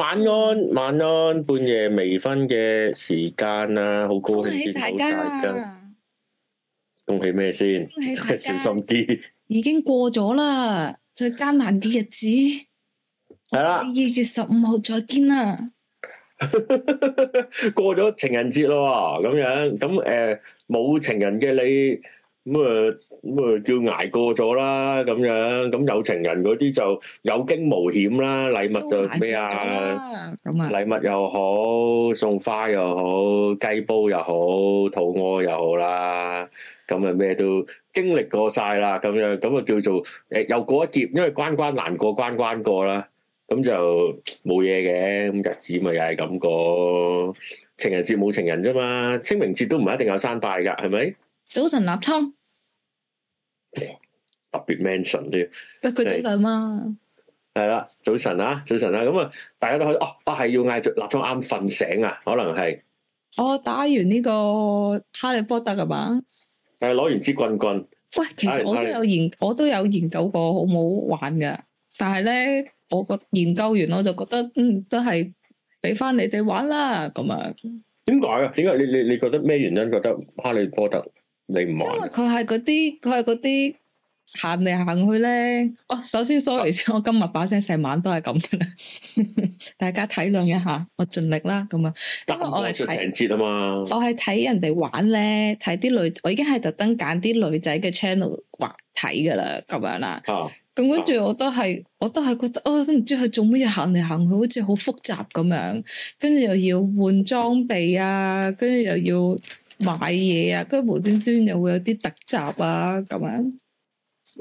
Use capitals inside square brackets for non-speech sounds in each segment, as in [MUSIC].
晚安，晚安，半夜微醺嘅時間啊，好高興大家，恭喜咩先？恭喜，恭喜 [LAUGHS] 小心啲，已經過咗啦， [LAUGHS] 最艱難嘅日子係啦，二月十五號再見啦， [LAUGHS] 過咗情人節咯，咁樣，咁誒，冇、呃、情人嘅你。咁、嗯、啊，咁、嗯、啊、嗯，叫挨過咗啦，咁樣咁有情人嗰啲就有驚無險啦，禮物就咩啊，禮物又好，送花又好，雞、嗯、煲又好，肚屙又好啦，咁啊咩都經歷過晒啦，咁樣咁啊叫做誒、呃、又過一劫，因為關關難過關關過啦，咁就冇嘢嘅，咁日子咪又係咁過，情人節冇情人啫嘛，清明節都唔一定有山拜噶，係咪？早晨立倉。特別 mention 啲，得佢早晨啊，係啦，早晨啊，早晨啊，咁、嗯、啊，大家都可以哦，啊係要嗌着立咗啱瞓醒啊，可能係我、哦、打完呢個哈利波特啊嘛，係、嗯、攞完支棍棍，喂，其實我都有研，我都有研究過好唔好玩噶，但係咧，我個研究完我就覺得，嗯，都係俾翻你哋玩啦，咁啊，點解啊？點解？你你你覺得咩原因？覺得哈利波特？因為佢係嗰啲，佢係嗰啲行嚟行去咧。哦，首先 sorry 先，啊，我今日把聲成晚都係咁嘅啦，大家體諒一下，我盡力啦咁啊。因為我係睇啊嘛，我係睇人哋玩咧，睇啲女，我已經係特登揀啲女仔嘅 channel 滑睇噶啦，咁樣啦。咁跟住我都係，我都係覺得，我都唔知佢做乜嘢。行嚟行去，好似好複雜咁樣，跟住又要換裝備啊，跟住又要。買嘢啊，佢住無端端又會有啲突襲啊咁樣。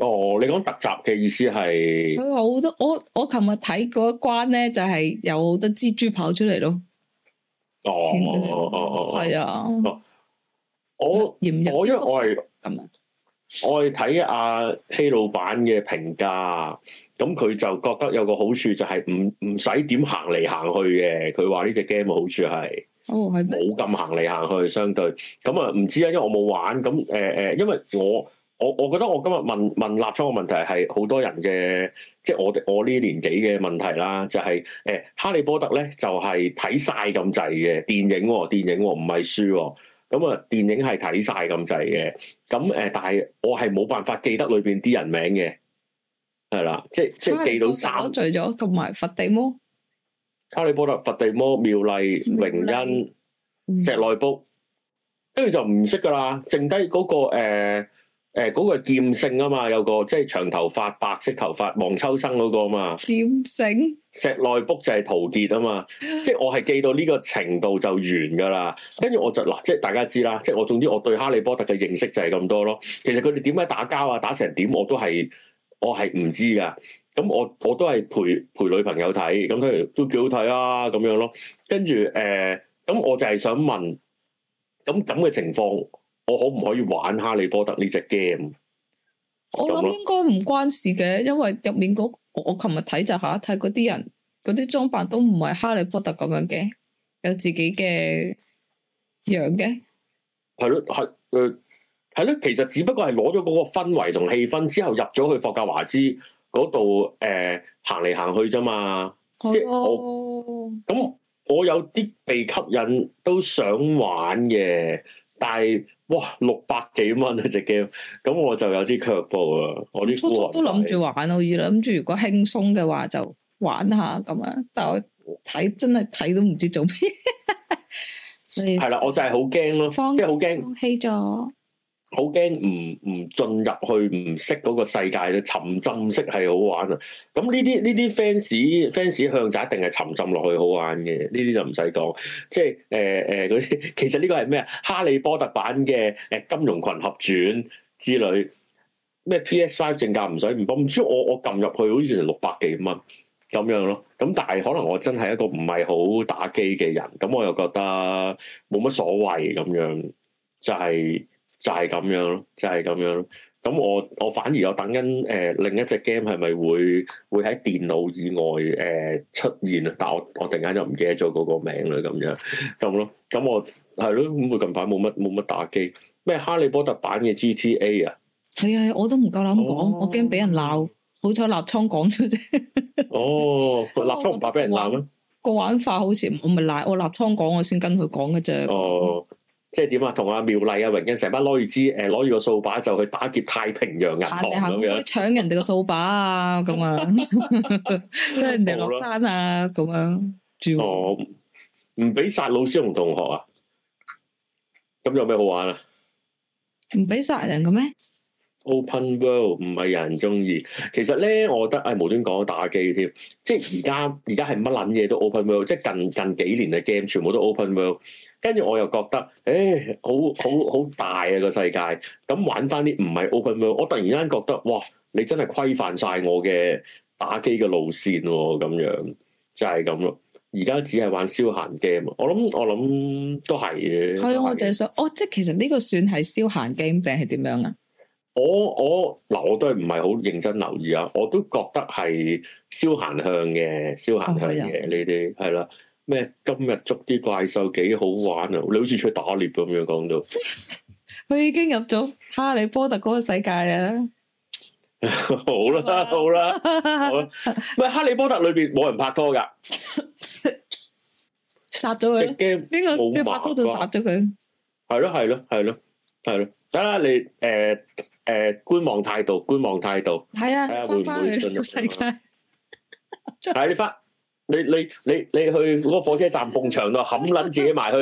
哦，你講突襲嘅意思係？佢好多我我琴日睇嗰一關咧，就係有好多蜘蛛跑出嚟咯。哦哦哦，係、哦啊，哦、啊。我我因為我係，我係睇阿希老闆嘅評價，咁佢就覺得有個好處就係唔唔使點行嚟行去嘅。佢話呢隻 game 嘅好處係。冇、哦、咁行嚟行去，相對咁啊，唔知啊，因為我冇玩咁誒誒，因為我我我覺得我今日問問立昌嘅問題係好多人嘅，即、就、係、是、我我呢年紀嘅問題啦，就係誒《哈利波特》咧就係睇晒咁滯嘅電影，電影唔係書，咁啊電影係睇晒咁滯嘅，咁誒但係我係冇辦法記得裏邊啲人名嘅，係啦，即係即係記到三，除咗同埋佛地魔。哈利波特、佛地魔、妙麗、榮恩、石內卜，跟、嗯、住就唔識噶啦，剩低嗰、嗰個誒誒嗰個劍聖啊嘛，有個即係長頭髮、白色頭髮、黃秋生嗰個啊嘛。劍聖石內卜就係陶傑啊嘛， [LAUGHS] 即係我係記到呢個程度就完噶啦。跟住我就嗱，即係大家知啦，即係我總之我對哈利波特嘅認識就係咁多咯。其實佢哋點解打交啊，打成點我都係我係唔知噶。咁我我都係陪陪女朋友睇，咁佢都幾好睇啊。咁樣咯。跟住誒，咁、呃、我就係想問，咁咁嘅情況，我可唔可以玩《哈利波特》呢隻 game？我諗應該唔關事嘅，因為入面嗰、那個、我我琴日睇就吓睇嗰啲人，嗰啲裝扮都唔係哈利波特咁樣嘅，有自己嘅樣嘅。係咯，係誒，係咯，其實只不過係攞咗嗰個氛圍同氣氛之後入咗去霍格華茲。嗰度誒行嚟行去啫嘛，oh、即係我咁我有啲被吸引都想玩嘅，但係哇六百幾蚊一隻 game，咁我就有啲卻步啦。我啲初初都諗住玩可以啦，諗住如果輕鬆嘅話就玩下咁啊，但係我睇真係睇都唔知做咩，係 [LAUGHS] 啦，我就係好驚咯，即係好驚。棄咗。好驚唔唔進入去唔識嗰個世界嘅，沉浸式係好玩啊！咁呢啲呢啲 fans fans 向就一定係沉浸落去好玩嘅，呢啲就唔使講。即係誒誒嗰啲，其實呢個係咩啊？哈利波特版嘅誒金融群俠傳之類咩？P S Five 正價唔使唔唔知我我撳入去好似成六百幾蚊咁樣咯。咁但係可能我真係一個唔係好打機嘅人，咁我又覺得冇乜所謂咁樣，就係、是。就係、是、咁樣咯，就係、是、咁樣咯。咁我我反而我等緊誒、呃，另一隻 game 係咪會會喺電腦以外誒、呃、出現啊？但係我我突然間就唔記得咗嗰個名啦，咁樣咁咯。咁我係咯，咁我近排冇乜冇乜打機，咩哈利波特版嘅 G T A 啊？係啊，我都唔夠膽講，我驚俾人鬧。好彩立倉講咗啫。哦，立倉唔、 [LAUGHS] 哦、怕俾人鬧咩？個玩，玩法好似我咪賴我立倉講，我先跟佢講嘅啫。哦。即係點啊？同阿妙麗啊、榮恩成班攞住支誒，攞住個掃把就去打劫太平洋銀行咁樣，搶 [LAUGHS] 人哋個掃把啊！咁啊，即係人哋落山啊！咁樣哦，唔俾殺老師同同學啊？咁有咩好玩啊？唔俾殺人嘅咩？Open World 唔係有人中意。其實咧，我覺得係、哎、無端講打機添。即係而家而家係乜捻嘢都 Open World，即係近近幾年嘅 game 全部都 Open World。跟住我又覺得，誒、哎，好好好大啊、個世界！咁玩翻啲唔係 open world 我突然間覺得，哇！你真係規範晒我嘅打機嘅路線喎、啊，咁樣就係咁咯。而家只係玩消閒 game，我諗我諗都係嘅。係啊，我就想，哦，即係其實呢個算係消閒 game 定係點樣啊？我我嗱，我都係唔係好認真留意啊？我都覺得係消閒向嘅，消閒向嘅呢啲係啦。哦咩？今日捉啲怪獸幾好玩啊！你好似出去打獵咁樣講到，佢已經入咗《哈利波特》嗰個世界啊！好啦，好啦，好啦！喂，《哈利波特》裏邊冇人拍拖㗎，殺咗佢啦！邊個一拍拖就殺咗佢？係咯，係咯，係咯，係咯！得啦，你誒誒觀望態度，觀望態度。係啊，會唔會進入世界？係你翻。你你你你去嗰個火車站蹦場度冚撚自己埋去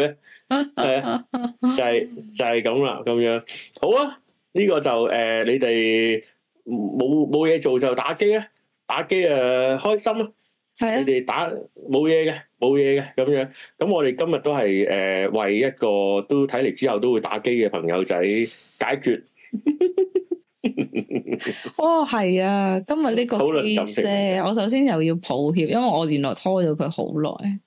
啊？係 [LAUGHS] 啊，就係、是、就係咁啦，咁樣好啊。呢、這個就誒、呃，你哋冇冇嘢做就打機啦，打機啊開心啊。係、啊、你哋打冇嘢嘅，冇嘢嘅咁樣。咁我哋今日都係誒、呃、為一個都睇嚟之後都會打機嘅朋友仔解決。 [LAUGHS] [LAUGHS] 哦，係啊，今日呢個 case， [MUSIC] 我首先又要抱歉，因為我原來拖咗佢好耐。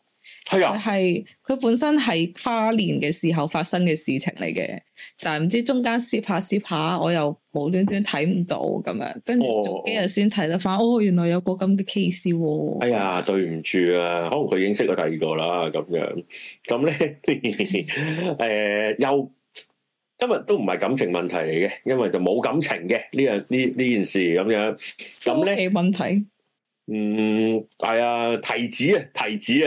係啊，係佢本身係跨年嘅時候發生嘅事情嚟嘅，但係唔知中間撕下撕下，我又無端端睇唔到咁樣，跟住幾日先睇得翻、哦哦哦。哦，原來有個咁嘅 case。哎呀，對唔住啊，可能佢已經識咗第二個啦，咁樣。咁咧，誒、 [LAUGHS] 欸，又。今日都唔係感情問題嚟嘅，因為就冇感情嘅呢樣呢呢件事咁樣，咁咧問題，嗯，係啊，提子啊提子啊，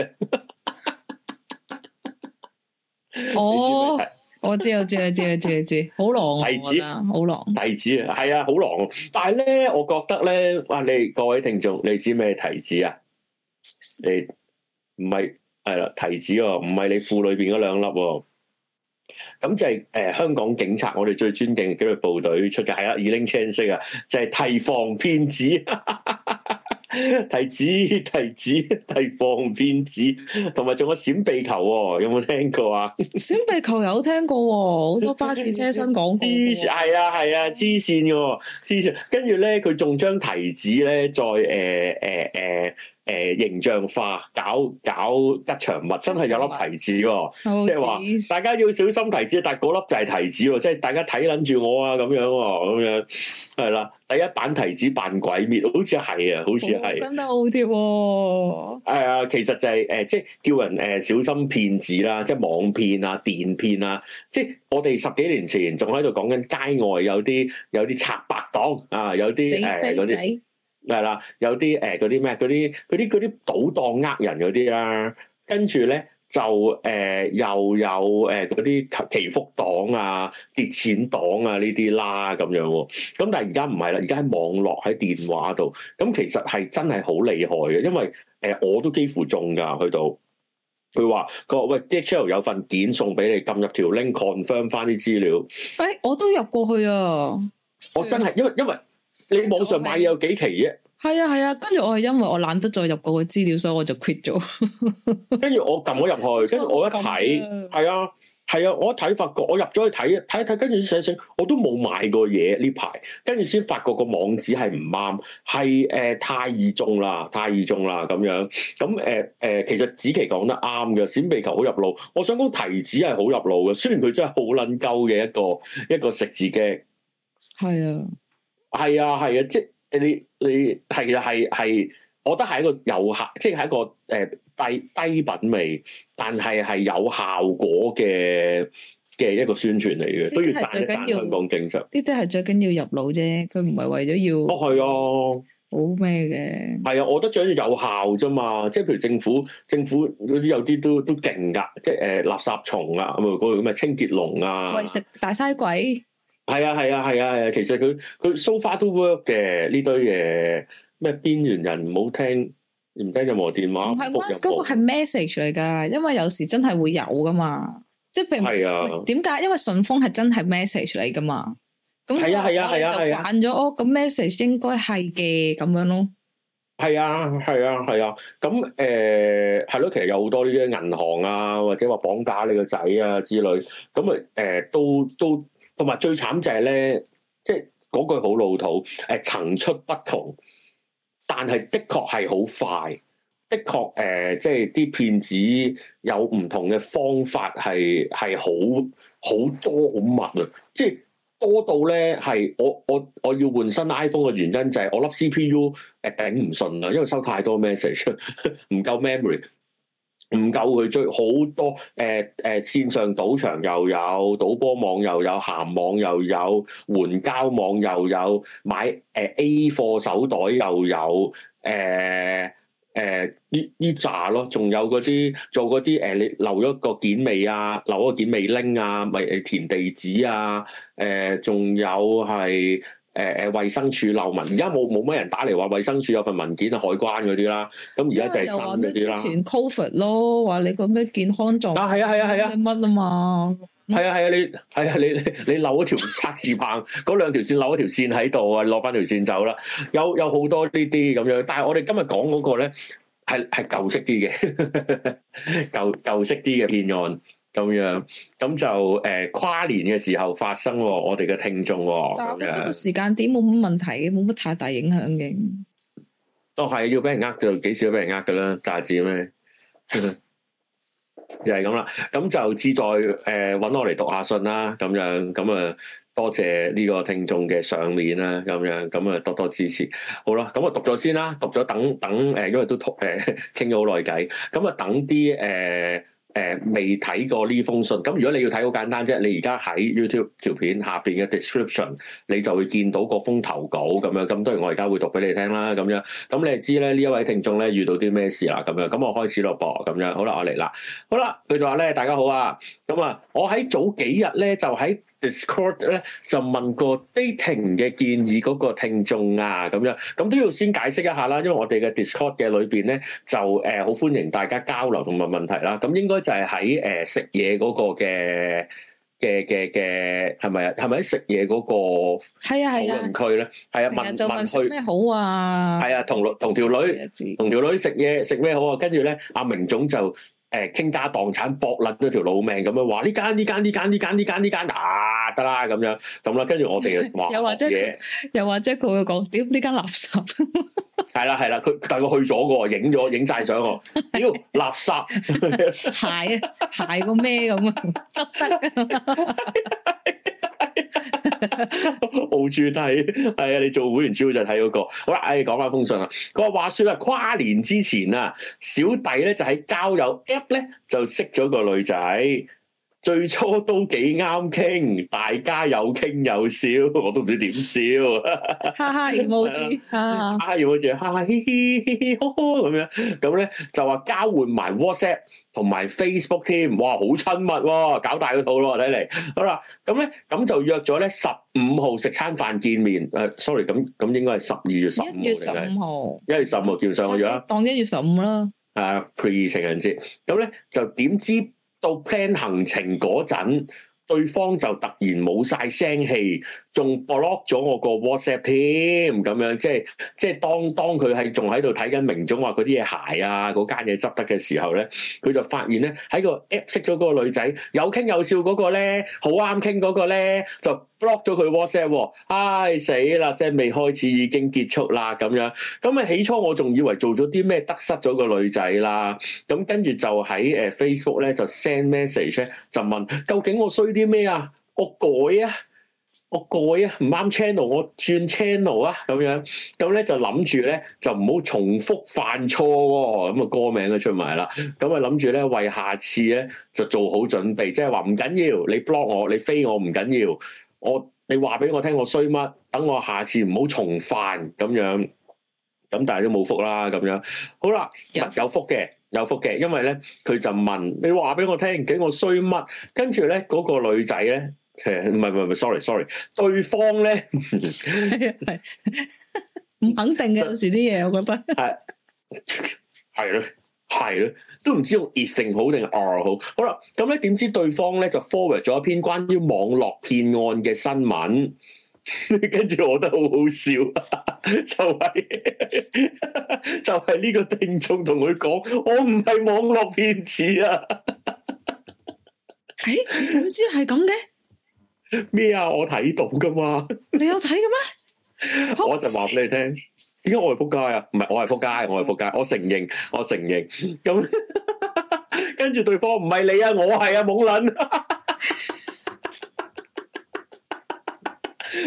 [LAUGHS] 哦 [LAUGHS] 我知道，我知道我知道我知啊，知，好狼提子，好狼提子，啊，係啊好狼，但係咧，我覺得咧、啊，哇你各位聽眾，你知咩提子啊？你唔係係啦，提子哦、唔係你褲裏邊嗰兩粒、哦。咁就係、是、誒、呃，香港警察我哋最尊敬紀律部隊出街啦，耳拎、啊、青色啊，就係、是、提防騙子、子，提子提子提防騙子，同埋仲有閃避球喎、哦，有冇聽過啊？閃避球有聽過、哦，好多巴士車身講過、哦，黐係啊係啊，黐、啊、線噶、哦，黐綫，跟住咧佢仲將提子咧再誒誒誒。呃呃呃誒、呃，形象化搞搞吉祥物,物，真係有粒提子喎、哦，即係話大家要小心提子，但嗰粒就係提子喎，即、就、係、是、大家睇捻住我啊，咁樣咁樣係啦，第一版提子扮鬼滅，好似係啊，好似係，真係好貼。係啊、哦呃，其實就係、是、誒，即、呃、係、就是、叫人誒、呃、小心騙子啦，即、就、係、是、網騙啊、電騙啊，即、就、係、是、我哋十幾年前仲喺度講緊街外有啲有啲拆白黨啊，有啲誒啲。係啦，有啲誒嗰啲咩嗰啲嗰啲啲賭檔呃人嗰啲啦，跟住咧就誒、呃、又有誒嗰啲祈福黨啊、跌錢黨啊呢啲啦咁樣喎、啊。咁但係而家唔係啦，而家喺網絡喺電話度，咁其實係真係好厲害嘅，因為誒、呃、我都幾乎中㗎，去到佢話佢話喂 DHL 有份件送俾你，撳入條 link confirm 翻啲資料。誒、欸，我都入過去啊！我真係因為因為。因為你網上買嘢有幾期啫？係 [MUSIC] 啊係啊，啊，跟住我係因為我懶得再入個資料，所以我就 quit 咗 [LAUGHS] 。跟住我撳咗入去，跟住我一睇，係 [MUSIC] 啊係啊，我一睇發覺我入咗去睇睇睇，跟住寫寫，我都冇買過嘢呢排，跟住先發覺個網址係唔啱，係誒太易中啦，太易中啦咁樣。咁誒誒，其實紫琪講得啱嘅，閃避球好入腦。我想講提子係好入腦嘅，雖然佢真係好撚鳩嘅一個一個，一個食字驚。係啊。係啊，係啊，即係你你係啊，實係係，我覺得係一個有效，即係一個誒、呃、低低品味，但係係有效果嘅嘅一個宣傳嚟嘅，都要讚一讚香港警察。呢啲係最緊要入腦啫，佢唔係為咗要。哦，係啊，好咩嘅？係啊，我覺得最緊要有效啫嘛，即係譬如政府政府啲有啲都都勁噶，即係誒垃圾蟲啊，咪嗰個咩清潔龍啊，喂，食大西鬼。係啊係啊係啊，其實佢佢 so far 都 work 嘅，呢堆嘢，咩邊緣人唔好聽，唔聽任何電話。唔係嗰個係 message 嚟噶，因為有時真係會有噶嘛，即係譬如係啊。點解？因為順豐係真係 message 嚟噶嘛。咁係啊係啊係啊，玩咗，哦咁 message 應該係嘅咁樣咯。係啊係啊係啊，咁誒係咯，其實有好多呢啲嘅銀行啊，或者話綁架你個仔啊之類，咁啊誒都都。同埋最慘就係咧，即、就、嗰、是、句好老土，誒、呃、層出不窮，但係的確係好快，的確誒即係啲騙子有唔同嘅方法係係好好多好密啊！即、就是、多到咧係我我我要換新 iPhone 嘅原因就係我粒 CPU、呃、頂唔順啦，因為收太多 message 唔 [LAUGHS] 夠 memory。唔夠佢追好多，誒、呃、誒線上賭場又有，賭波網又有，鹹網又有，援交網又有，買誒、呃、A 貨手袋又有，誒誒呢呢扎咯，仲有嗰啲做嗰啲誒，你留咗個件尾啊，留咗件尾拎啊，咪填地址啊，誒、呃、仲有係。誒、呃、誒，衛生署漏文，而家冇冇乜人打嚟話衛生署有份文件啊，海關嗰啲啦，咁而家就係新嗰啲啦。傳 cover 咯，話你個咩健康狀啊，係啊係啊係啊，乜啊嘛？係啊係啊，啊，啊，你係啊你你漏一條測試棒，嗰兩條線漏一條線喺度啊，攞翻條線走啦。有有好多呢啲咁樣，但係我哋今日講嗰個咧係係舊式啲嘅，舊 [LAUGHS] 舊式啲嘅騙案咁樣，咁就誒、呃、跨年嘅時候發生，我哋嘅聽眾，喎，但係我諗嗰個時間點冇乜問題嘅，冇乜太大影響嘅。哦，係要俾人呃 [LAUGHS] 就幾時都俾人呃噶啦，炸子咩？就係咁啦。咁就志在誒搵、呃、我嚟讀下信啦，咁樣咁啊多謝呢個聽眾嘅賞面啦，咁樣咁啊多多支持。好啦，咁啊讀咗先啦，讀咗等等誒，因為都同誒傾咗好耐偈，咁、欸、啊等啲誒。欸誒未睇過呢封信，咁如果你要睇，好簡單啫。你而家喺 YouTube 條片下面嘅 description，你就會見到個封投稿咁樣。咁當然我而家會讀俾你聽啦，咁樣。咁你係知咧呢一位聽眾咧遇到啲咩事啦，咁樣。咁我開始咯，噃咁樣。好啦，我嚟啦。好啦，佢就話咧：大家好啊。咁啊，我喺早幾日咧就喺 Discord 咧就問過 dating 嘅建議嗰個聽眾啊，咁樣，咁都要先解釋一下啦，因為我哋嘅 Discord 嘅裏邊咧就誒好歡迎大家交流同問問題啦。咁應該就係喺誒食嘢嗰個嘅嘅嘅嘅係咪啊？係咪喺食嘢嗰個係啊係啊區咧？係啊問就問佢咩好啊？係啊同同條女同條女食嘢食咩好啊？跟住咧阿明總就。誒，傾家蕩產搏甩咗條老命咁樣話呢間呢間呢間呢間呢間呢間嗱得啦咁樣，咁啦，跟住我哋話嘢，又或者佢會講，屌呢間垃圾，係啦係啦，佢大概去咗嘅，影咗影晒相喎，屌、 [LAUGHS] 哎、垃圾鞋啊鞋個咩咁啊執得㗎！ [LAUGHS] 以 [LAUGHS] 住睇係啊！你做會員主要就睇嗰、嗰個好啦。哎，講翻封信啦。佢話，話說啦，跨年之前啊，小弟咧就喺交友 app 咧就識咗個女仔，最初都幾啱傾，大家又傾又笑，我都唔知點笑，哈哈，冇住，哈哈，冇住，哈 [LAUGHS] 哈、 [LAUGHS] [LAUGHS] 哎，咁樣咁咧就話交換埋 WhatsApp。同埋 Facebook 添，哇，好親密喎、啊，搞大個套咯，睇嚟好啦。咁咧咁就約咗咧十五號食餐飯見面。Uh, sorry 咁咁應該係十二月十五號嚟一月十五號，一月十五號，叫上個月啦。當一月十五啦。啊、uh, pre 情人節。咁咧就點知到 plan 行程嗰陣，對方就突然冇晒聲氣。仲 block 咗我個 WhatsApp 添，咁樣即係即係當當佢係仲喺度睇緊明總話嗰啲嘢鞋啊，嗰間嘢執得嘅時候咧，佢就發現咧喺個 app 識咗嗰個女仔，有傾有笑嗰個咧，好啱傾嗰個咧，就 block 咗佢 WhatsApp 喎、哎，唉死啦！即係未開始已經結束啦，咁樣咁啊起初我仲以為做咗啲咩得失咗個女仔啦，咁跟住就喺 Facebook 咧就 send message 咧就問究竟我衰啲咩啊？我改啊！我改啊，唔啱 channel，我轉 channel 啊，咁樣咁咧就諗住咧就唔好重複犯錯，哦，咁啊歌名都出埋啦，咁啊諗住咧為下次咧就做好準備，即係話唔緊要，你 block 我，你飛我唔緊要，我你話俾我聽我衰乜，等我下次唔好重犯咁樣，咁但係都冇福啦，咁樣好啦，yes.，有福嘅有福嘅，因為咧佢就問你話俾我聽，幾我衰乜，跟住咧嗰個女仔咧。其實唔係唔係唔係，sorry sorry，對方咧唔係唔肯定嘅， [LAUGHS] 有時啲嘢，我覺得係係咯係咯，都唔知用 is 定好定 are 好。好啦，咁咧點知對方咧就 forward 咗一篇關於網絡騙案嘅新聞， [LAUGHS] 跟住，我覺得好好笑， [LAUGHS] 就係是笑就係呢個聽眾同佢講，我唔係網絡騙子啊、 [LAUGHS] 欸！誒，點知係咁嘅？咩啊？我睇到噶嘛？你有睇嘅咩？我就話俾你聽，點解我係仆街啊？唔係我係仆街，我係仆街，我承認，我承認。咁跟住對方唔係你啊，我係啊，冇撚。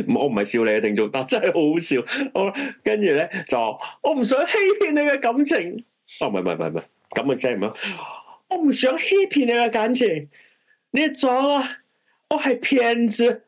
我唔係笑你啊，定做，但真係好好笑。我跟住咧就我唔想欺騙你嘅感情。啊，唔係，唔係，唔係，唔係，咁嘅聲唔得。我唔想欺騙你嘅感情，你做啊。我係騙子，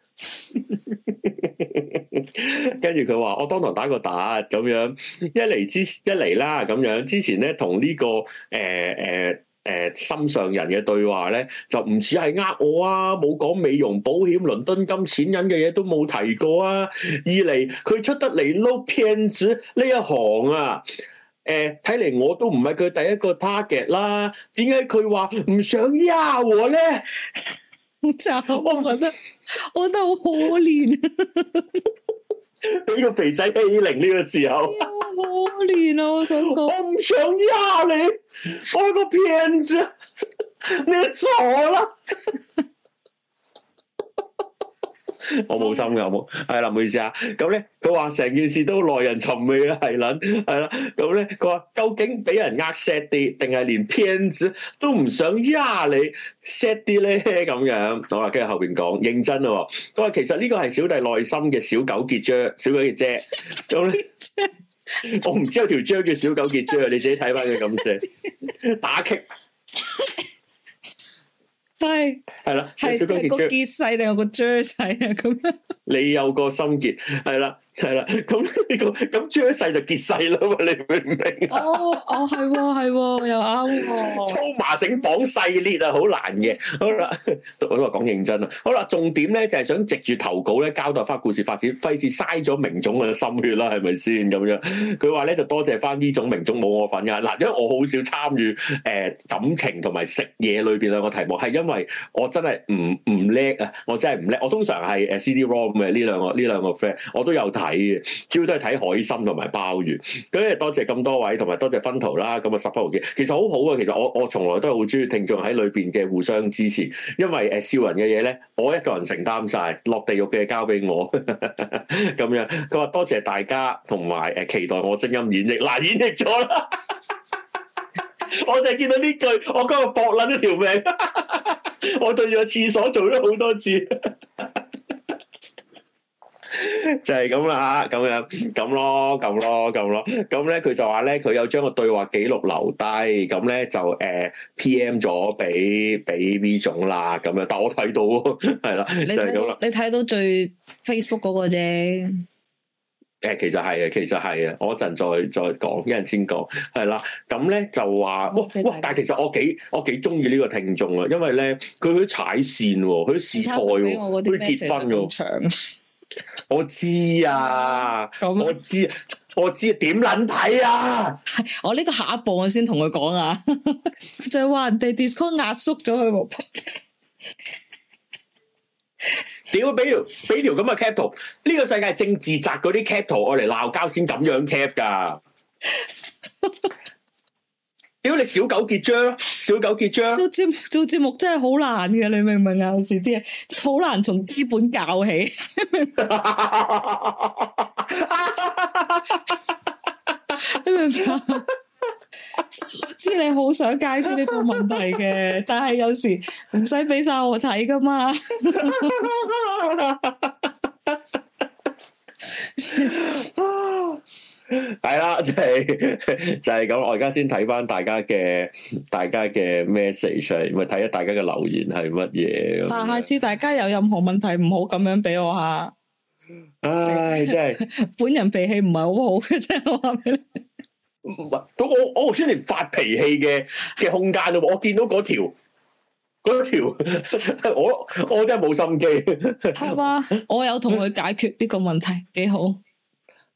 跟住佢話我當堂打咗個突，咁樣一來，一嚟之一嚟啦咁樣，之前咧同呢跟、這個誒誒誒心上人嘅對話咧，就唔似係呃我啊，冇講美容保險、倫敦金、錢銀嘅嘢都冇提過啊。二嚟佢出得嚟撈騙子呢一行啊，誒、呃，睇嚟我都唔係佢第一個 target 啦。點解佢話唔想呃我咧？我 [LAUGHS] 真我覺得，我，我覺得好可憐，俾個肥仔 a 凌呢個時候 [LAUGHS] 可憐啊！我想講， [LAUGHS] 我唔想呃你，我個騙子， [LAUGHS] 你坐啦吧笑。我冇心噶，係啦，唔好意思啊。咁咧，佢話成件事都耐人尋味啊，係啦，係啦。咁咧，佢話究竟俾人呃 sad 啲，定係連騙子都唔想呃你 sad 啲咧？咁樣，好啦跟住後邊講認真咯。佢話其實呢個係小弟內心嘅小糾結啫，小糾結。咁咧，我唔知有條章叫小糾結章 [LAUGHS] 那呢， [LAUGHS] 你自己睇翻佢咁寫打擊係，係啦，係個結世定係個錐細啊？咁樣 [LAUGHS] 你有個心結，係啦。係啦，咁呢個咁追一世就結世啦，你不明唔明？哦哦，係喎係喎，又啱喎。粗麻繩綁細列啊，好難嘅。好啦，我都話講認真啦。好啦，重點咧就係、是、想藉住投稿咧交代翻故事發展，費事嘥咗明總嘅心血啦，係咪先？咁樣佢話咧就多謝翻呢種明總冇我份噶。嗱，因為我好少參與誒、呃、感情同埋食嘢裏邊兩個題目，係因為我真係唔唔叻啊！我真係唔叻。我通常係誒 CD ROM 嘅呢兩個呢兩個 friend，我都有睇。睇嘅，主要都係睇海參同埋鮑魚。咁多謝咁多位，同埋多謝分圖啦。咁啊，十分好嘅。其實好好啊。其實我我從來都係好中意聽眾喺裏邊嘅互相支持。因為誒，笑人嘅嘢咧，我一個人承擔晒，落地獄嘅交俾我咁樣。佢話多謝大家，同埋誒，期待我聲音演繹。嗱，啊，演繹咗啦。 [LAUGHS] 我就係見到呢句，我今日搏捻咗條命。我對住個廁所做咗好多次。 [LAUGHS] 就係咁啦吓，咁樣咁咯，咁咯，咁咯，咁咧，佢就話咧，佢有將個對話記錄留低，咁咧就誒 P M 咗俾俾 V 總啦，咁樣，但我睇到係啦，就係咁啦。你睇 [LAUGHS] 到最 Facebook 嗰個啫？誒、欸，其實係啊，其實係啊，我一陣再再講，一陣先講，係啦。咁咧就話，哇哇，哇！但係其實我幾我幾中意呢個聽眾啊，因為咧佢去踩線喎，佢試菜喎，佢結婚嘅我知啊、嗯嗯，我知， [LAUGHS] 我知，我知啊，點捻睇啊？我呢個下一步我先同佢講啊，就係話人哋 Discord 壓縮咗佢部，屌俾條俾條咁嘅 cap 圖，呢、這個世界政治責嗰啲 cap 圖我嚟鬧交先咁樣 cap 㗎。屌你小狗結，小狗結賬，小狗結賬。做節做節目，目真係好難嘅，你明唔明啊？有時啲嘢好難從基本教起，你明唔 [LAUGHS] [LAUGHS] 明白 [LAUGHS] 我知你好想解決呢個問題嘅，但係有時唔使俾晒我睇㗎嘛。 [LAUGHS] [LAUGHS] 係啦，即係就係咁。我而家先睇翻大家嘅大家嘅 message，咪睇下大家嘅留言係乜嘢。但下次大家有任何問題，唔好咁樣俾我吓。唉，真係， [LAUGHS] 本人脾氣唔係好好嘅，真係 [LAUGHS] 我話俾你。唔係，咁我我先連發脾氣嘅嘅空間都冇。我見到嗰條嗰條，我我真係冇心機。係嘛，我有同佢解決呢個問題，幾好。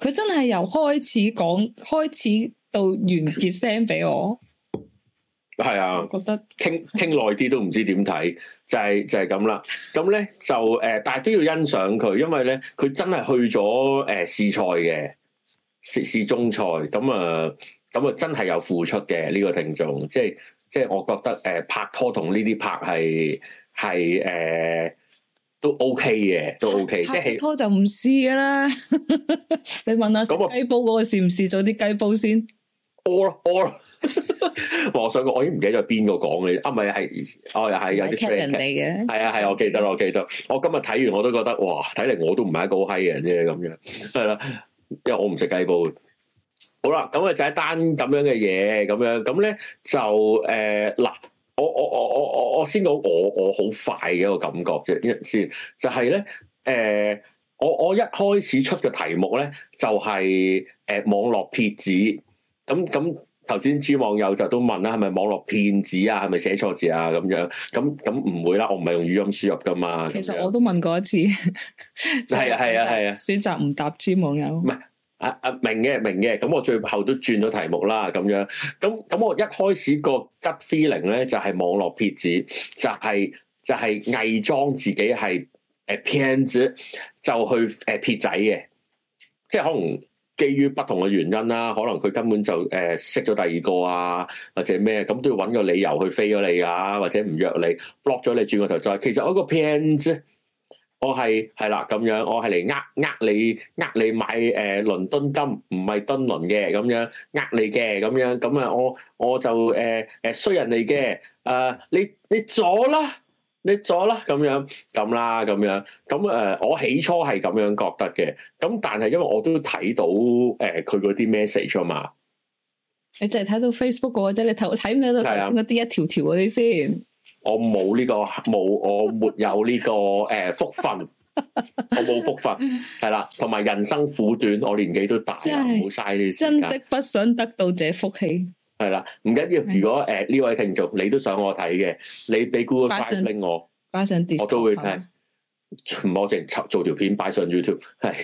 佢真係由開始講開始到完結聲俾我，係啊，我覺得傾傾耐啲都唔知點睇，就係、是、就係咁啦。咁咧就誒，但係都要欣賞佢，因為咧佢真係去咗誒試菜嘅，試、呃、試中菜。咁啊咁啊真係有付出嘅呢、這個聽眾，即係即係我覺得誒、呃、拍拖同呢啲拍係係誒。都 OK 嘅，都 OK。食拖,拖就唔試啦。 [LAUGHS] 你問下食雞煲嗰個試唔試做啲雞煲先？all 咯 all 咯我想講，or, or, [LAUGHS] 過我已經唔記得咗邊個講嘅。啊，唔係係，哦又係有啲 friend 嘅。係啊係，我記得咯，我記得,我記得。我今日睇完我都覺得，哇！睇嚟我都唔係一個好閪嘅人啫，咁樣係啦。因為我唔食雞煲。好啦，咁啊就一單咁樣嘅嘢咁樣，咁咧就誒嗱。我我我我我我先講我我好快嘅一個感覺啫，先就係、是、咧，誒、欸，我我一開始出嘅題目咧就係、是、誒、欸、網絡撇子，咁咁頭先 G 網友就都問啦，係咪網絡騙子啊，係咪寫錯字啊咁樣，咁咁唔會啦，我唔係用語音輸入噶嘛，其實我都問過一次，係啊係啊係啊，選擇唔答 G 網友，唔係、啊。啊啊，明嘅，明嘅，咁我最後都轉咗題目啦，咁樣，咁咁我一開始個吉 feeling 咧就係、是、網絡撇子，就係、是、就係、是、偽裝自己係誒騙子，就去誒撇、呃、仔嘅，即係可能基於不同嘅原因啦，可能佢根本就誒、呃、識咗第二個啊，或者咩，咁都要揾個理由去飛咗你啊，或者唔約你 block 咗你轉個頭再，其實我個騙子。我係係啦咁樣，我係嚟呃呃你，呃你買誒倫敦金唔係敦倫嘅，咁樣，呃你嘅，咁樣，咁啊我我就誒誒衰人嚟嘅，誒你你咗啦，你咗啦咁樣咁啦咁樣，咁誒我起初係咁樣覺得嘅，咁但係因為我都睇到誒佢嗰啲 message 啊嘛，你淨係睇到 Facebook 嗰個啫，你睇睇唔睇到嗰啲一條條嗰啲先？我冇呢個冇，我沒有呢、這個誒 [LAUGHS] 福分， [LAUGHS] 我冇福分係啦，同埋人生苦短，我年紀都大，唔冇晒呢啲真的不想得到這福氣。係啦，唔緊要。如果誒呢、呃、位聽眾你都想我睇嘅，你俾 Google Drive link 我，加上 Discord，我都會睇。唔好淨做條片，擺上 YouTube。係，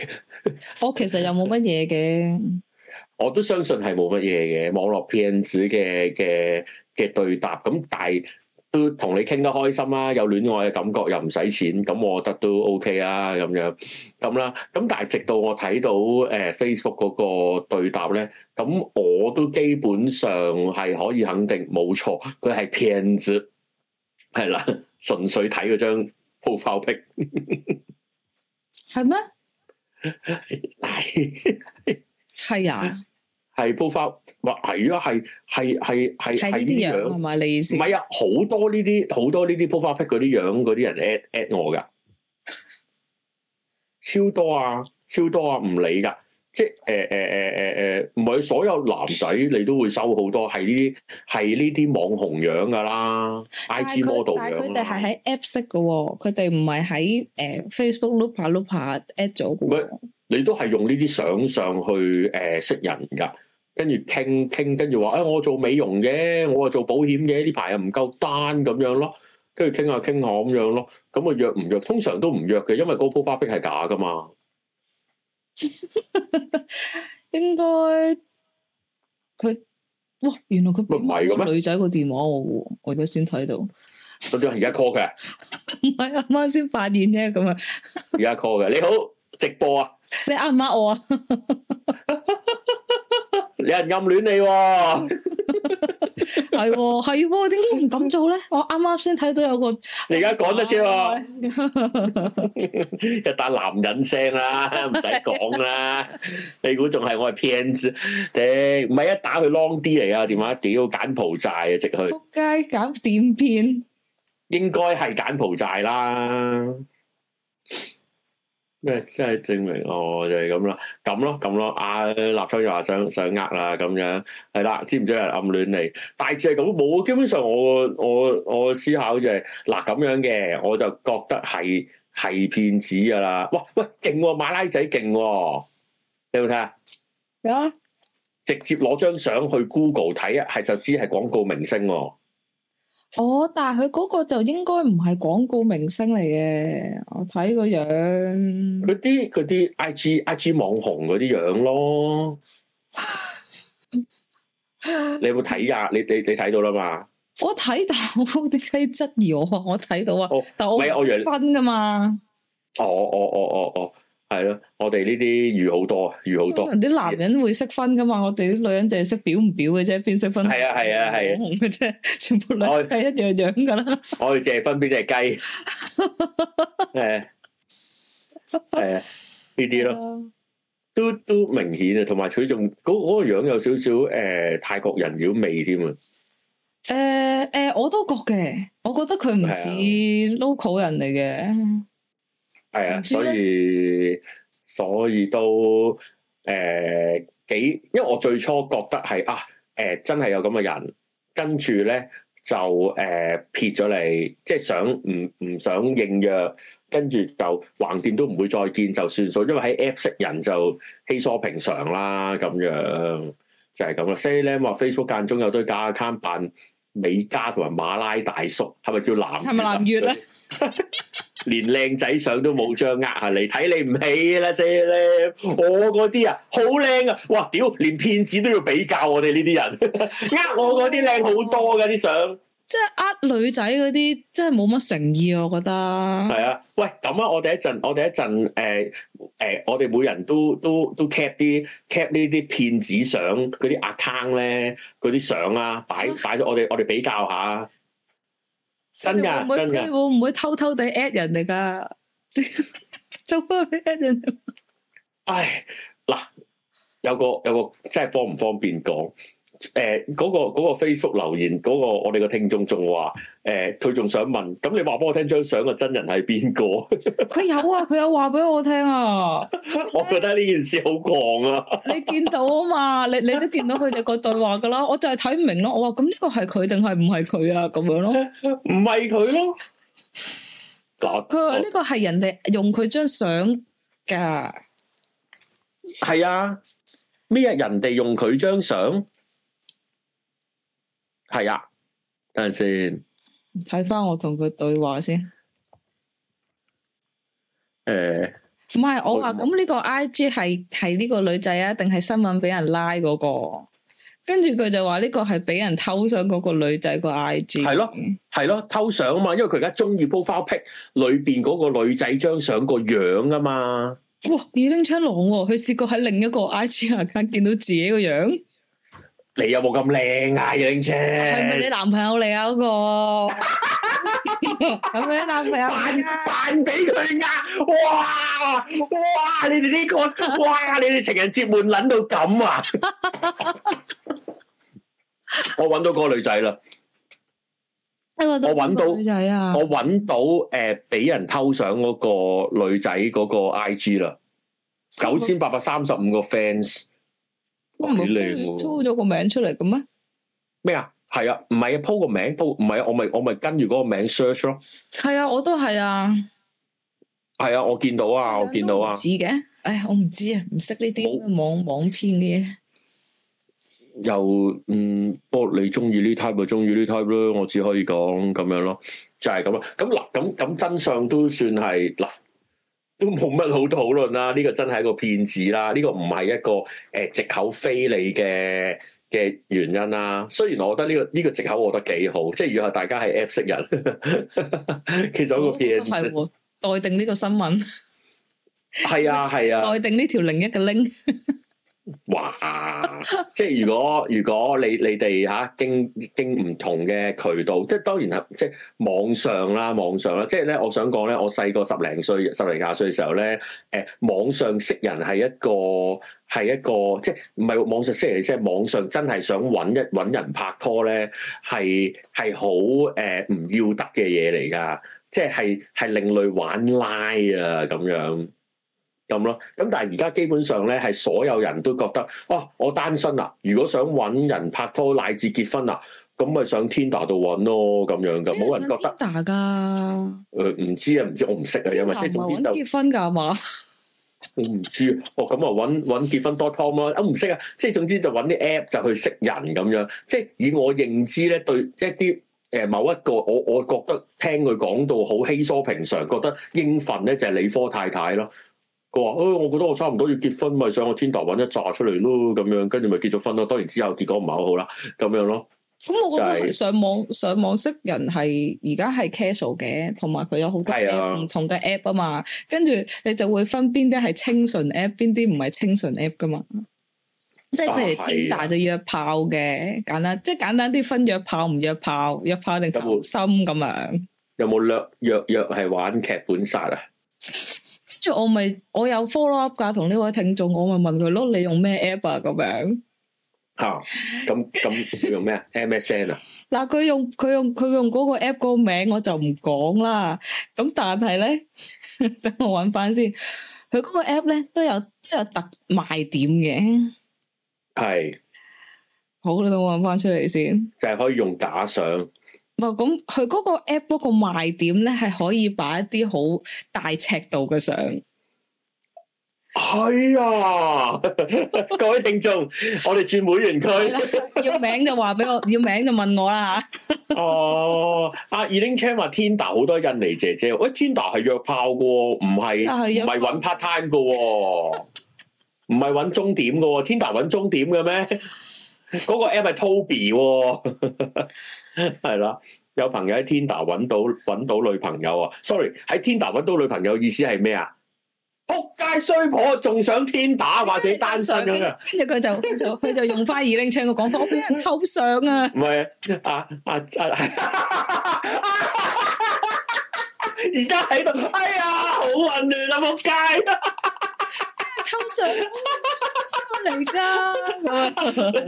我其實又冇乜嘢嘅。 [LAUGHS] 我都相信係冇乜嘢嘅網絡騙子嘅嘅嘅對答咁，但係，都同你傾得開心啦，啊，有戀愛嘅感覺又唔使錢，咁我覺得都 OK 啊。咁樣咁啦。咁但係直到我睇到誒 Facebook 嗰個對答咧，咁我都基本上係可以肯定冇錯，佢係騙子，係啦，純粹睇嗰張 profile pic 係咩？係 [LAUGHS] 係是嗎 [LAUGHS] 啊，係 profile 哇、啊，係咯，係，係，係，係，係啲樣，係咪你意思是？唔係啊，好多呢啲，好多呢啲 po f a p 嗰啲樣的 add, add 的，嗰啲人 at at 我噶，超多啊，超多啊，唔理噶，即係誒誒誒誒誒，唔、欸、係、欸欸、所有男仔你都會收好多係呢係呢啲網紅樣噶啦，IG model 樣啦。佢哋係喺 app 識噶喎，佢哋唔係喺誒 Facebook Lupa Lupa at 咗。唔係，你都係用呢啲相上去誒、呃、識人噶。跟住傾傾，跟住話誒，我做美容嘅，我又做保險嘅，呢排又唔夠單咁樣咯。跟住傾下傾下咁樣咯，咁啊約唔約？通常都唔約嘅，因為嗰鋪花壁係假噶嘛。 [LAUGHS] 應該佢哇，原來佢唔係個咩女仔個電話我喎，我而家先睇到。嗰張而家 call 嘅，唔係啱啱先發現啫，咁啊。而家 call 嘅，你好直播啊！你呃唔呃我啊？ [LAUGHS] 有人暗戀你喎、哦 [LAUGHS] [LAUGHS] 哦，係喎係喎，點解唔敢做咧？我啱啱先睇到有個你而家講得先咯 [LAUGHS] [LAUGHS] 一打男人聲啦，唔使講啦。 [LAUGHS] 你估仲係我係騙子？定唔係一打佢 long 啲嚟啊？點啊？屌柬埔寨啊，直去仆街，揀點片應該係柬埔寨啦。即係證明我、哦、就係咁啦，咁咯，咁咯、啊，立秋又話想想呃啦，咁樣係啦，知唔知有人暗戀你？大致係咁冇，基本上我我我思考就係嗱咁樣嘅，我就覺得係係騙子噶啦。哇喂，勁喎、啊，馬拉仔勁喎，你有冇睇啊？有啊，yeah. 直接攞張相去 Google 睇啊，係就知係廣告明星、啊。哦，但係佢嗰個就應該唔係廣告明星嚟嘅，我睇個樣。嗰啲嗰啲 I G I G 網紅嗰啲樣咯。 [LAUGHS] 你有冇睇呀？你你你睇到啦嘛？我睇，到，係我我真係質疑我，我睇到啊、哦哦，但係我分噶嘛。哦哦哦哦哦。哦哦哦係咯，我哋呢啲遇好多，遇好多。啲男人會識分噶嘛，我哋啲女人淨係識表唔表嘅啫，邊識分？係啊係啊係。口紅嘅啫，全部兩係一樣樣噶啦。我哋淨係分邊隻係雞。誒，係啊，呢啲咯，都都明顯啊，同埋佢仲嗰嗰個樣有少少誒泰國人妖味添啊。誒誒，我都覺嘅，我覺得佢唔似 local 人嚟嘅。係啊，所以所以都誒、呃、幾，因為我最初覺得係啊誒、呃，真係有咁嘅人，跟住咧就誒、呃、撇咗你，即係想唔唔想應約，跟住就橫掂都唔會再見就算數，因為喺 app 識人就稀疏平常啦，咁樣就係咁啦。所以咧話 Facebook 間中有堆假 account 扮美嘉同埋馬拉大叔，係咪叫藍月？係咪藍月啊？ [LAUGHS] 連靚仔相都冇張呃下你，睇你唔起啦死你我嗰啲啊，好靚啊！哇屌，連騙子都要比較我哋呢啲人，呃 [LAUGHS] 我嗰啲靚好多㗎啲相，即係呃女仔嗰啲，真係冇乜誠意啊！我覺得係啊，喂，咁啊，我哋一陣，我哋一陣，誒、呃、誒、呃，我哋每人都都都 cap 啲 cap 呢啲騙子相嗰啲 account 咧，嗰啲相啊，擺擺咗我哋我哋比較下。真噶，真噶，我唔會，會偷偷地 at 人嚟噶，做乜 at 人的？唉，嗱，有個有個真係方唔方便講？誒、欸，嗰、那個、那個 Facebook 留言嗰、那個我，我哋個聽眾仲話誒，佢仲想問咁，你話俾我聽張相嘅真人係邊個？佢 [LAUGHS] 有啊，佢有話俾我聽啊。 [LAUGHS] 我覺得呢件事好狂啊！ [LAUGHS] 你見到啊嘛，你你都見到佢哋個對話噶啦，我就係睇唔明咯。我話咁呢個係佢定係唔係佢啊？咁樣咯，唔係佢咯。佢話呢個係人哋用佢張相噶，係啊咩人哋用佢張相？係啊，等陣先，睇翻，我同佢對話先。誒、欸，唔係我話咁呢個 I G 係係呢個女仔啊，定係新聞俾人拉嗰、嗰個？跟住佢就話呢個係俾人偷相嗰個女仔個 I G。係咯，係咯，偷相啊嘛，因為佢而家中意 po 花 pic 裏邊嗰個女仔張相個樣啊嘛。哇，二零七六，佢試過喺另一個 I G 下間見到自己個樣子。你有冇咁靚啊？楊青，係咪你男朋友嚟啊？嗰個係咪你男朋友扮啊，扮俾佢呀！哇哇！你哋呢個哇！你哋情人節悶捻到咁啊！我搵到嗰個女仔啦，我搵到女仔啊！我搵到誒，俾人偷上嗰個女仔嗰個 IG 啦，九千八百三十五個 fans。唔係你鋪咗個名出嚟嘅咩？咩啊？係啊，唔係啊，鋪個名鋪，唔係啊，我咪我咪跟住嗰個名 search 咯。係啊，我都係啊。係啊，我見到啊，我見到啊。唔知嘅。唉，我唔知啊，唔識呢啲網網騙嘅嘢。又嗯，不過你中意呢 type 咪中意呢 type 咯，我只可以講咁樣咯，就係咁啦。咁嗱，咁咁真相都算係啦。都冇乜好討論啦，呢、這個真係一個騙子啦，呢、這個唔係一個誒、呃、藉口，非你嘅嘅原因啦。雖然我覺得呢、這個呢、這個藉口我覺得幾好，即係如果大家係 Apps 識人，呵呵其實有個嘢係待定呢個新聞，係啊係啊，啊，待定呢條另一個 link、啊。哇！即係如果如果你你哋吓、啊、經經唔同嘅渠道，即係當然係即係網上啦，網上啦，即係咧，我想講咧，我細個十零歲、十零廿歲嘅時候咧，誒，網上識人係一個係一個，即係唔係網上識人，即係網上真係想搵一搵人拍拖咧，係係好誒唔要得嘅嘢嚟噶，即係係另類玩拉啊咁樣。咁咯，咁但係而家基本上咧，係所有人都覺得哦、啊，我單身啊，如果想搵人拍拖乃至結婚啊，咁咪上 Tinder 度搵咯，咁樣嘅，冇人覺得噶。誒、嗯，唔知啊，唔知我唔識啊，因為即係總之就結婚噶嘛。 [LAUGHS] 我唔知，哦咁啊，搵搵結婚 dot com 咯，我唔識啊，即係總之就搵啲 app 就去識人咁樣。即係以我認知咧，對一啲誒、呃、某一個，我我覺得聽佢講到好稀疏平常，覺得應份咧就係理科太太咯。我話，誒，我覺得我差唔多要結婚咪上個 Tinder 搵一扎出嚟咯，咁樣跟住咪結咗婚咯。當然之後結果唔係好好啦，咁樣咯。咁我覺得上網、就是、上網識人係而家係 casual 嘅，同埋佢有好多唔同嘅 app 啊嘛。跟住你就會分邊啲係清純 app，邊啲唔係清純 app 噶嘛。即係譬如 Tinder 就約炮嘅、啊，簡單即係、就是、簡單啲分約炮唔約炮，約炮定談心咁樣。有冇略約約係玩劇本殺啊？.我咪我有 follow up 噶，同呢位聽眾，我咪問佢咯，你用咩 app 啊？咁樣吓，咁咁用咩啊？MSN 啊？嗱，佢用佢用佢用嗰個 app 個名，我就唔講啦。咁但係咧，等我揾翻先，佢嗰個 app 咧都有都有特賣點嘅，係好啦，等我揾翻出嚟先，就係可以用假相。咁，佢嗰個 app 嗰個賣點咧，係可以擺一啲好大尺度嘅相。係、哎、啊，各位聽眾， [LAUGHS] 我哋轉會員區，要名就話俾我， [LAUGHS] 要名就問我啦 [LAUGHS] 哦，阿、啊、二零七話 Tinder 好多印尼姐姐，喂、哎、Tinder 係約炮嘅，唔係唔係搵 part time 嘅，唔係搵終點嘅、哦、Tinder 搵終點嘅咩？嗰、那個 app 係 Toby、哦。 [LAUGHS] 係啦，有朋友喺 Tinder 揾到揾到女朋友啊！Sorry，喺 Tinder 揾到女朋友意思係咩啊？扑街衰婆，仲想天打或者單身咁樣？跟住佢就，佢就,就用翻耳令唱嘅講法，我俾人偷相啊！唔係啊啊啊！而家喺度，哎呀，好混亂啊！扑街、啊，偷相、啊。 [LAUGHS] 嚟 [LAUGHS] 啦、 [LAUGHS] oh, [LAUGHS] [LAUGHS] yeah, I mean 就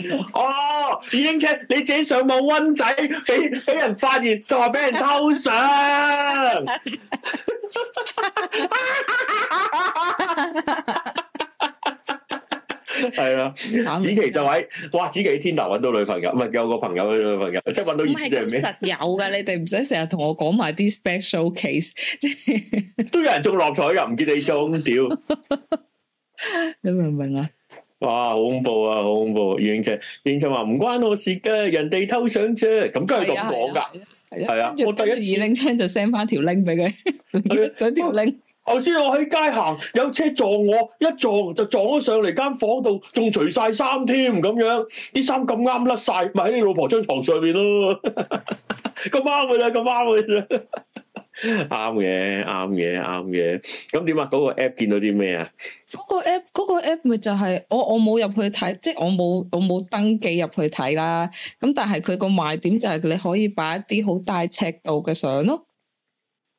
是！哦，已經 check 你自己上網溫仔，俾俾人發現，就話俾人偷相。係啦，子琪就喺哇，子琪 Tinder 揾到女朋友，唔係有個朋友女朋友，即係揾到意思咩？實有嘅。你哋唔使成日同我講埋啲 special case，即係都有人中六合彩嘅，又唔見你中屌， [LAUGHS] [LAUGHS] 你明唔明啊？哇，好恐怖啊，好恐怖！二零車，二零車話唔關我事嘅，人哋偷上車，咁梗係咁講噶。係啊，啊，啊，啊，啊，我第一二拎車就 send 翻條 link 俾佢，嗰、啊、條 link。頭先我喺街行，有車撞我，一撞就撞咗上嚟間房度，仲除晒衫添，咁樣啲衫咁啱甩晒，咪喺你老婆張床上面咯，咁啱嘅啫，咁啱嘅啫。啱嘅，啱嘅，啱嘅。咁點啊？嗰個 app 見到啲咩啊？嗰個 app，個 app 咪就係我我冇入去睇，即係我冇我冇登記入去睇啦。咁但係佢個賣點就係你可以擺一啲好大尺度嘅相咯。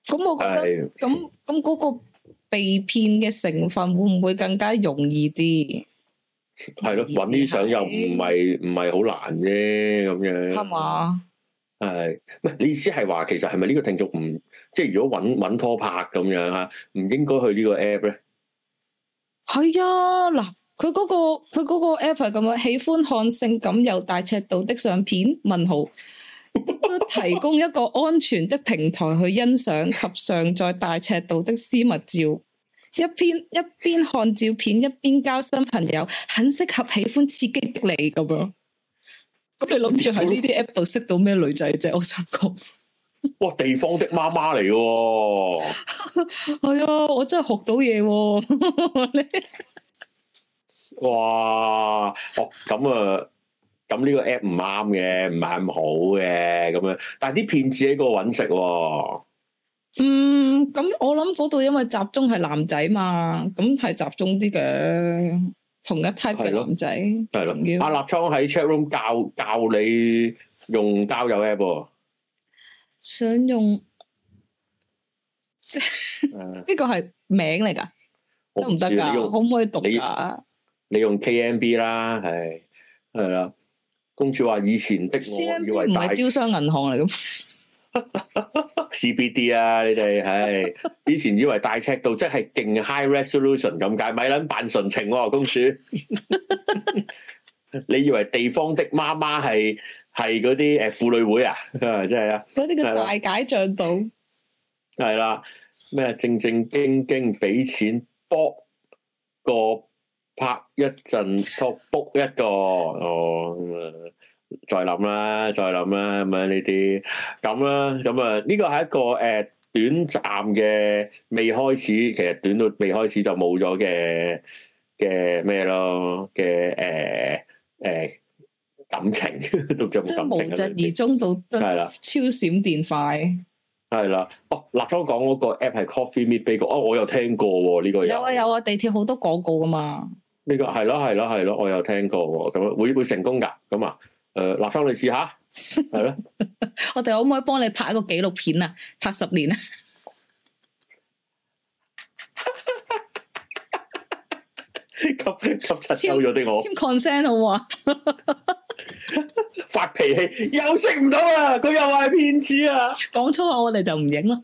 咁我覺得，咁咁嗰個被騙嘅成分會唔會更加容易啲？係咯，搵啲相又唔係唔係好難啫，咁樣係嘛？係，唔係你意思係話，其實係咪呢個定俗唔即係如果揾揾拖拍咁樣吓，唔應該去呢個 app 咧？係啊，嗱、那個，佢嗰個佢個 app 係咁樣的，喜歡看性感又大尺度的相片，問號都提供一個安全的平台去欣賞及上載大尺度的私密照，一邊一邊看照片一邊交新朋友，很適合喜歡刺激的你咁樣。咁你諗住喺呢啲 app 度識到咩女仔啫？我想講，哇，地方的媽媽嚟喎，係 [LAUGHS] 啊、哎，我真係學到嘢， [LAUGHS] 哇，哦，咁啊，咁呢個 app 唔啱嘅，唔係咁好嘅，咁樣，但係啲騙子喺嗰度搵食，嗯，咁我諗嗰度因為集中係男仔嘛，咁係集中啲嘅。同一 type 嘅男仔，阿立倉喺 chat room 教教你用交友 app 喎、哦，想用即係呢個係名嚟㗎，得唔得㗎？可唔可以讀啊？你用 KMB 啦，係係啦。公主話以前的 CMB 唔係招商銀行嚟噶。 [LAUGHS] [LAUGHS] C B D 啊！你哋係，以前以為大尺度即係勁 high resolution 咁解，咪撚扮純情喎、啊，公主， [LAUGHS] [LAUGHS] 你以為地方的媽媽係係嗰啲誒婦女會啊？真係啊？嗰啲叫大解像度。係啦，咩正正經經俾錢卜個拍一陣，卜一個哦再諗啦，再諗啦，咁樣呢啲咁啦，咁啊呢個係一個誒短暫嘅未開始，其實短到未開始就冇咗嘅嘅咩咯嘅誒誒感情都叫感情即係無疾而終，到真係啦，超閃電快係啦。哦，立章講嗰個 app 係 Coffee Meets Bagel，哦，我有聽過呢個有啊有啊，地鐵好多廣告噶嘛。呢個係咯係咯係咯，我有聽過咁，咁會唔會成功噶咁啊。誒、呃，立生，你試下，係咯。 [LAUGHS] 我哋可唔可以幫你拍一個紀錄片啊？拍十年啊！吸急出收咗啲我。簽 consent 好嘛？發脾氣又識唔到啊！佢又話係騙子啊！講粗口，我哋就唔影咯。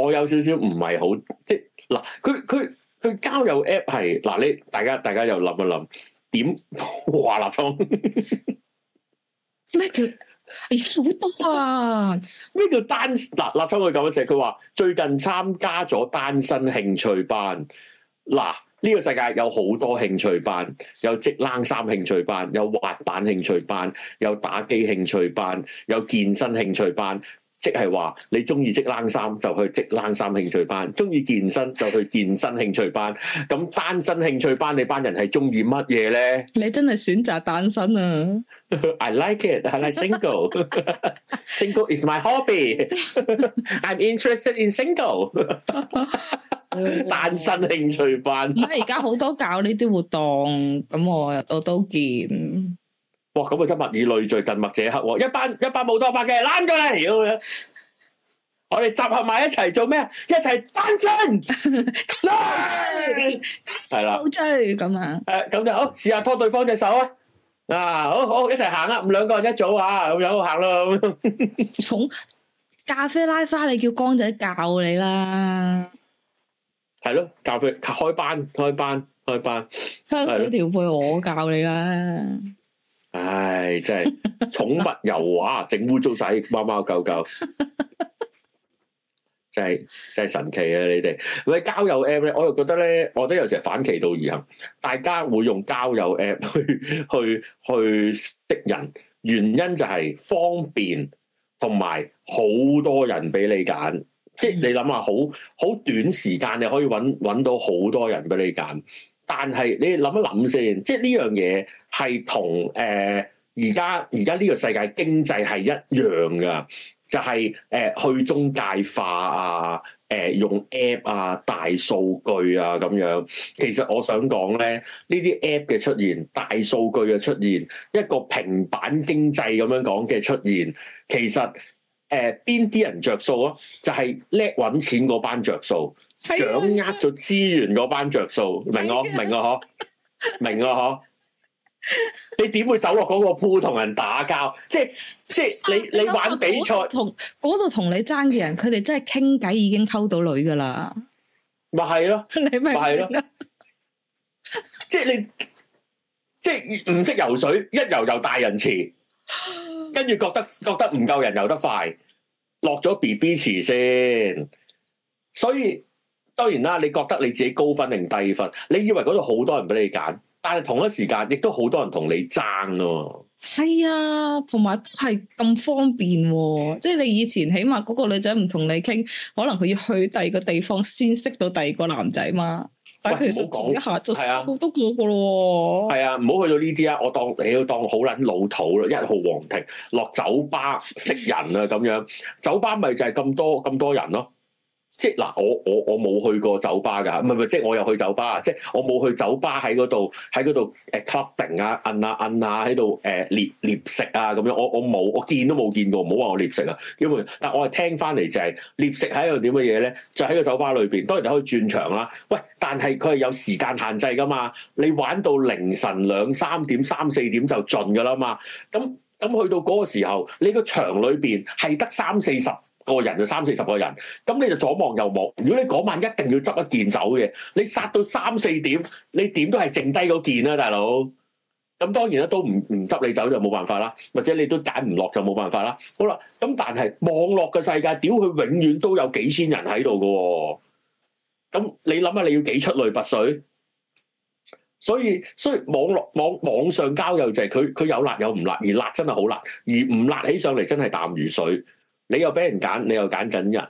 我有少少唔係好，即係嗱，佢佢佢交友 app 係嗱，你大家大家又諗一諗，點話立倉？咩叫？而好 [LAUGHS] 多啊！咩叫單嗱，立倉佢咁樣寫，佢話最近參加咗單身興趣班。嗱、呢，這個世界有好多興趣班，有織冷衫興趣班，有滑板興趣班，有打機興趣班，有健身興趣班。即係話，你中意織冷衫就去織冷衫興趣班，中意健身就去健身興趣班。咁單身興趣班，你班人係中意乜嘢咧？你真係選擇單身啊！I like it, I like single. Single is my hobby. I'm interested in single. 單身興趣班。咁而家好多搞呢啲活動，咁我我都見。哇！咁啊，真物以類聚，近墨者黑。一班一班冇多百嘅，攬過嚟咁樣。我哋集合埋一齊做咩？一齊單身，單身，係啦，冇追咁啊。誒，咁就好，試下拖對方隻手啊。嗱，好好一齊行啊，兩個人一組啊，咁樣行啦。重咖啡拉花，你叫光仔教你啦。係咯，咖啡開班，開班，開班。香水調配，我教你啦。唉，真係寵物油畫，整污糟晒貓貓狗狗， [LAUGHS] 真係真係神奇啊！你哋喂交友 app 咧，我又覺得咧，我都有時，反其道而行，大家會用交友 app 去去去識人，原因就係方便同埋好多人俾你揀，即、嗯、係、就是、你諗下，好好短時間你可以揾揾到好多人俾你揀，但係你諗一諗先、嗯，即係呢樣嘢。係同誒而家而家呢個世界的經濟係一樣噶，就係、是、誒、呃、去中介化啊，誒、呃、用 App 啊、大數據啊咁樣。其實我想講咧，呢啲 App 嘅出現、大數據嘅出現、一個平板經濟咁樣講嘅出現，其實誒邊啲人着數啊？就係叻揾錢嗰班着數，啊、掌握咗資源嗰班着數，明唔明、啊，明啊？明啊！明啊！呵。 [LAUGHS] 你點會走落嗰個鋪同人打交？即係即係你、啊、你，你玩比賽，同嗰度同你爭嘅人，佢哋真係傾偈已經溝到女噶啦，咪係咯？你咪係咯？即係、即係、即係你即係唔識游水，一游游大人池，跟住覺得覺得唔夠人游得快，落咗 BB 池先。所以當然啦，你覺得你自己高分定低分？你以為嗰度好多人俾你揀？但係同一時間，亦都好多人同你爭咯。係啊，同、哎、埋都係咁方便、啊，即係你以前起碼嗰個女仔唔同你傾，可能佢要去第二個地方先識到第二個男仔嘛。但係佢講一下就好多個噶咯。係啊，唔好、啊、去到呢啲啊，我當你要當好捻老土啦。一號皇庭落酒吧識人啊，咁樣酒吧咪就係咁多咁多人咯、啊。即嗱，啊，我我我冇去過酒吧㗎，唔係唔係，即係我又去酒吧啊！即係我冇去酒吧喺嗰度，喺嗰度誒 clubbing uh, uh, uh, there,、uh, 啊，摁啊摁啊，喺度誒獵獵食啊咁樣，我我冇，我見都冇見過，唔好話我獵食啊！因為，但我係聽翻嚟就係獵食喺度樣點嘅嘢咧，就喺個酒吧裏邊，當然你可以轉場啦。喂，但係佢係有時間限制㗎嘛？你玩到凌晨兩三點、三四點就盡㗎啦嘛。咁咁去到嗰個時候，你個場裏邊係得三四十。個人就三四十個人，咁你就左望右望。如果你嗰晚一定要執一件走嘅，你殺到三四點，你點都係剩低嗰件啦，啊，大佬。咁當然啦，都唔唔執你走就冇辦法啦，或者你都揀唔落就冇辦法啦。好啦，咁但係網絡嘅世界，屌佢永遠都有幾千人喺度喎。咁你諗下，你要幾出類拔萃？所以，所以網絡網網上交友就係佢佢有辣有唔辣，而辣真係好辣，而唔辣起上嚟真係淡如水。你又俾人揀，你又揀緊人。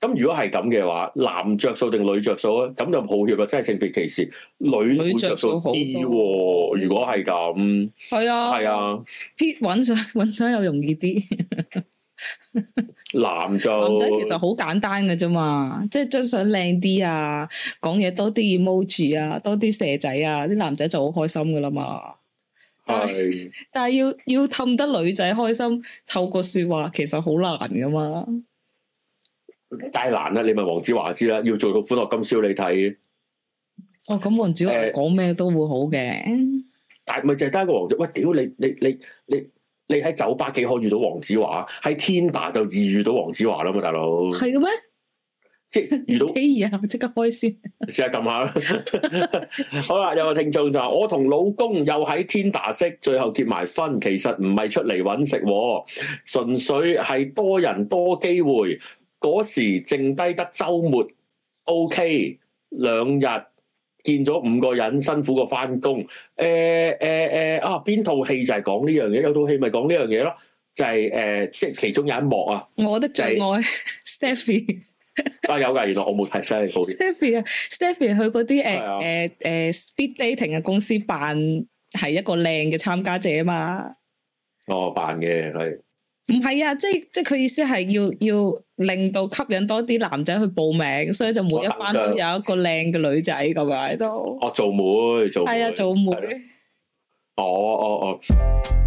咁如果係咁嘅話，男着數定女着數啊？咁就抱歉啦，真係性別歧視。女着數好啲喎。如果係咁，係啊，係啊，P 揾相揾相，又容易啲 [LAUGHS] 。男就男仔其實好簡單嘅啫嘛，即係張相靚啲啊，講嘢多啲 emoji 啊，多啲蛇仔啊，啲男仔就好開心噶啦嘛。係，但係要要氹得女仔開心，透過說話其實好難噶嘛。梗係難啦，你問黃子華知啦，要做到歡樂今宵你睇。哦，咁黃子華講咩都會好嘅，欸。但係咪就係得一個黃子？喂，屌你你你你你喺酒吧幾可遇到黃子華？喺天 i 就易遇到黃子華啦嘛，大佬。係嘅咩？即係遇到，K 啊！即 [LAUGHS] 刻開先，試,試下撳下啦。 [LAUGHS] 好啦，有個聽眾就話 [LAUGHS] 我同老公又喺 Tinder 識最後結埋婚，其實唔係出嚟揾食，純粹係多人多機會。嗰時剩低得周末，O、OK, K 兩日見咗五個人，辛苦過翻工。誒誒誒，啊邊套戲就係講呢樣嘢，有套戲咪講呢樣嘢咯，就係、是、誒，即係其中有一幕啊，我的最愛 Stephy。就是 [LAUGHS] 啊有噶，原來我冇睇。Stephy，Stephy 啊，Stephy 去嗰啲誒誒誒 speed dating 嘅公司扮，係一個靚嘅參加者嘛。哦，扮嘅係。唔係啊，即係即係佢意思係要要令到吸引多啲男仔去報名，所以就每一班都有一個靚嘅女仔咁樣喺度。哦，做妹，做係啊，做妹。哦哦哦。